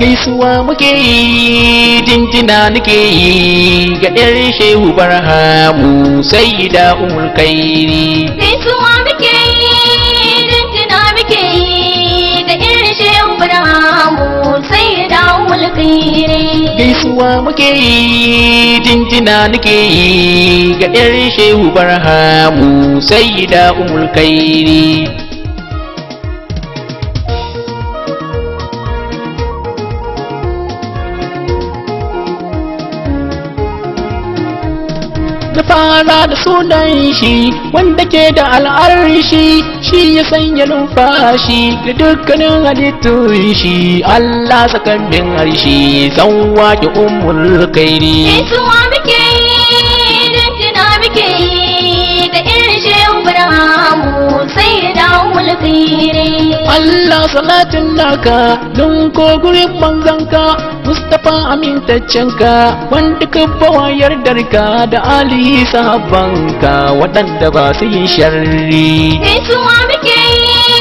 gaisuwa muke yi jinjina nake yi ga ɗan shehu barhamu sai da umul kairi gaisuwa muke yi jinjina muke yi ga ɗan shehu barhamu sai da umul kairi gaisuwa muke yi jinjina nake yi ga ɗan shehu barhamu sai da umul kairi ta fara da sunan shi wanda ke da al'arshi shi ya sanya numfashi da dukkanin halittun shi Allah sakan bin harshe Zan ki ummul kairi Allah salatin naka don ko gurin manzanka Mustapha amintaccenka wanda ka bawayar darka da Ali sahabbanka waɗanda ba su yi sharri. Isuwa muke yi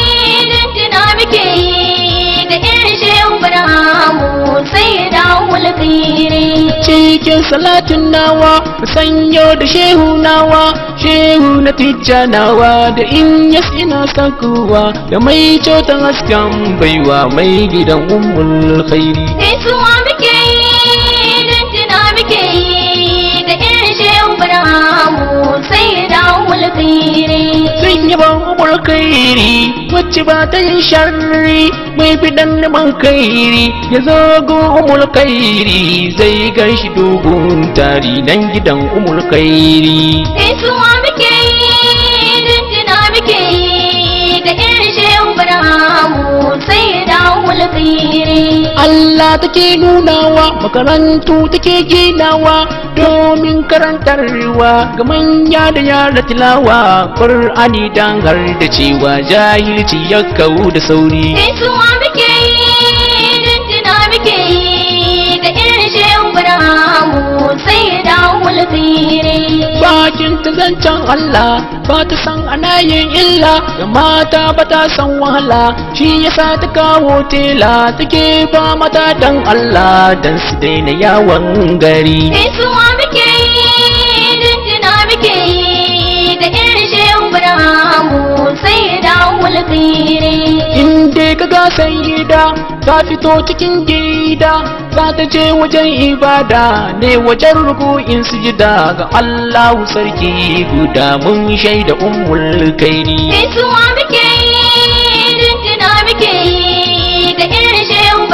cikin salatin nawa musanyo da shehu nawa shehu na tijja nawa da in yas ina sakuwa da mai cotan hasken baiwa mai gidan ummul khairi gaisuwa muke yi tuna muke yi da irin shehu bana mu sai da ummul khairi ba umar kairi wacce ba ta yin sharri mai fidan man kairi ya zago umar kairi zai gashi shi dogon tari nan gidan umar yi umar kairi Allah take nunawa makarantu take ginawa domin ruwa ga manya da yara tilawa ƙur'ani don har da cewa jahilci ya kawo da sauri muke yi da irin shehu guda ta zancen Allah ba ta san ana yin illa da mata ba ta san wahala shi yasa ta kawo tela take ba mata dan Allah dan su daina yawon gari gaisuwa muke yi na yi da mulkiri dai ka ga sayyida ta fito cikin gida za ta je wajen ibada ne wajen su sujida ga Allahu sarki guda mun shaida ummul kaini Isuwa muke yi, dintina muke yi, da irin shehu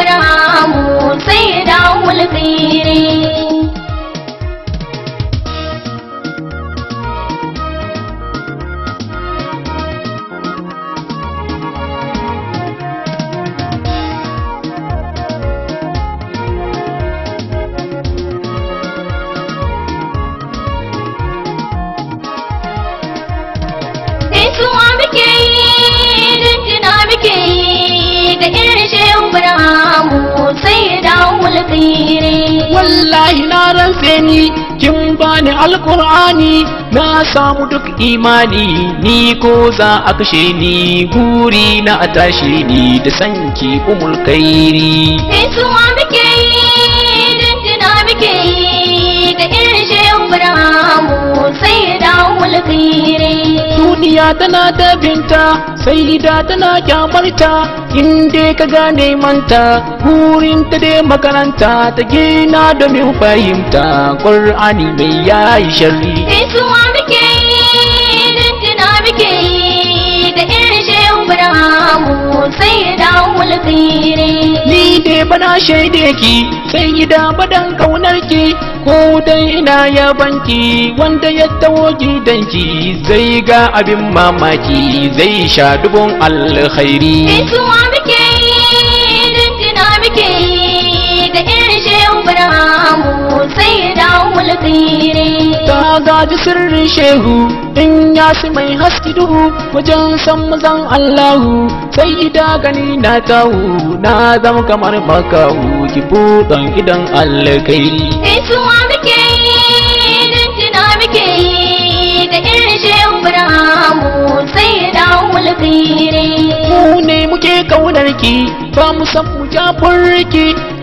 ni kin bani alkur'ani na samu duk imani ni ko za a kashe ni buri na a ni da sanki umul kairi suwa muke yi dindina muke yi da irin shehun sai da umul kairi duniya tana da binta sai gida tana kyamarta in dai ka gane manta gurin ta dai makaranta ta gina domin fahimta kur'ani mai yayi shari isuwa muke yi da sai ni dai bana shaide ki sai gida badan kaunar ki ko dai ina ya banki wanda ya tawo gidan ki zai ga abin mamaki zai sha dubun alkhairi gaisuwa muke yi rintina muke yi da irin shehu bana mu sai da mulkiri ji sirrin shehu in ya si mai haski duhu wajen san mazan allahu sai ida gani na tahu na zama kamar makahu ki buɗon idan allah kai isuwa muke yi jina muke yi da irin shehu sai ya dawo mu ne muke kaunar ki ba mu san mu ja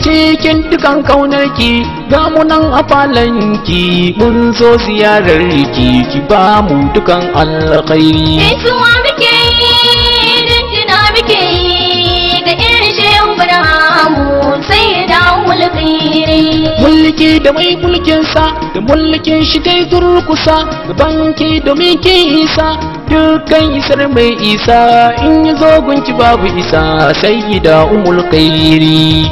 cikin dukan kaunarki ga mu nan a falanki mun zo ziyarar ki ki ba mu dukan alkhairi gaisuwa muke yi dindina muke yi da irin shehu bana mu sai ya dawo mulki da mai mulkinsa da mulkin shi dai durkusa da banki domin ki isa dukkan isar mai isa in yi zo gunki babu isa sai da umul kairi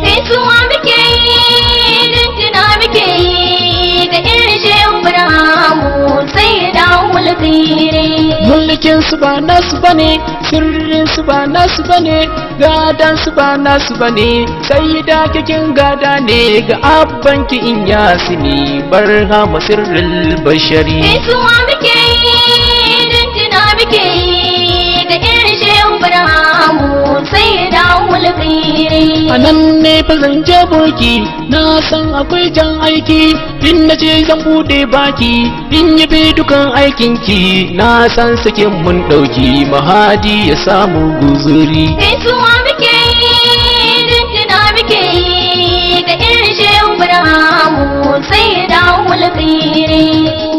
mulkin su ba nasu bane sirrin su ba nasu bane gadan su ba nasu bane sai da kikin gada ne ga abban ki in yasini barha masirril bashari ma muke yi a ne fa zan je boki na san akwai jan aiki in na ce zan bude baki in yi bi dukan aikin ki na san sakin mun dauki mahadi ya samu guzuri gaisuwa muke yi dindina muke yi ga irin shehun sai da hulƙiri